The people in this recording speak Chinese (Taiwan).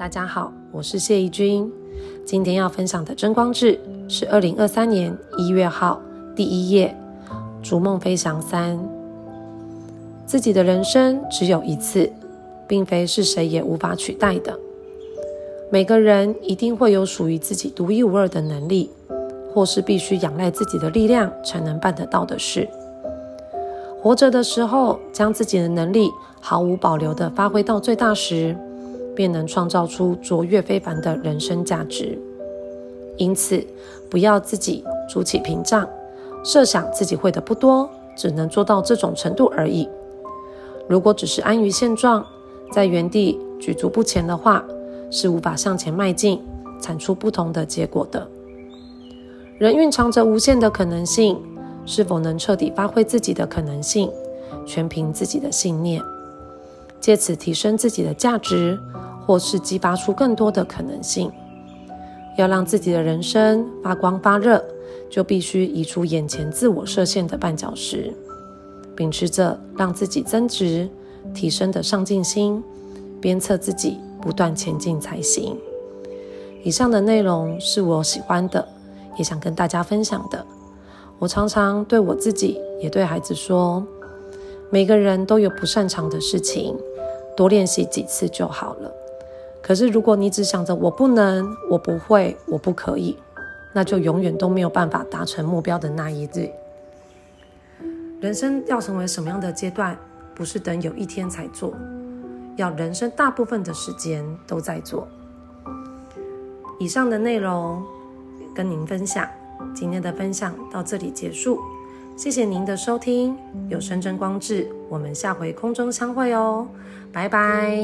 大家好，我是謝宜君。今天要分享的《真光誌》是二零二三年一月號第一頁，《逐夢飛翔三》。自己的人生只有一次，並非是誰也無法取代的。每個人一定會有屬於自己獨一無二的能力，或是必須仰賴自己的力量才能辦得到的事。活着的時候，將自己的能力毫無保留的發揮到最大時。便能創造出卓越非凡的人生價值。因此，不要自己築起屏障，設想自己會的不多，只能做到這種程度而已。如果只是安於現狀，在原地舉足不前的話，是無法向前邁進，產出不同的結果的。人蘊藏着無限的可能性，是否能徹底發揮自己的可能性，全憑自己的信念。借此提升自己的價值，或是激發出更多的可能性。要讓自己的人生發光發熱，就必須移除眼前自我設限的絆腳石，秉持着讓自己增值、提升的上進心，鞭策自己不斷前進才行。以上的內容是我喜歡的，也想跟大家分享的。我常常對我自己，也對孩子說，每個人都有不擅長的事情。多練習幾次就好了。可是，如果你只想着我不能、我不會、我不可以，那就永遠都沒有辦法達成目標的那一日。人生要成為什麼樣的階段，不是等有一天才做，要人生大部分的時間都在做。以上的內容跟您分享，今天的分享到這裡結束。謝謝您的收聽，有聲真光誌，我們下回空中相會哦，拜拜。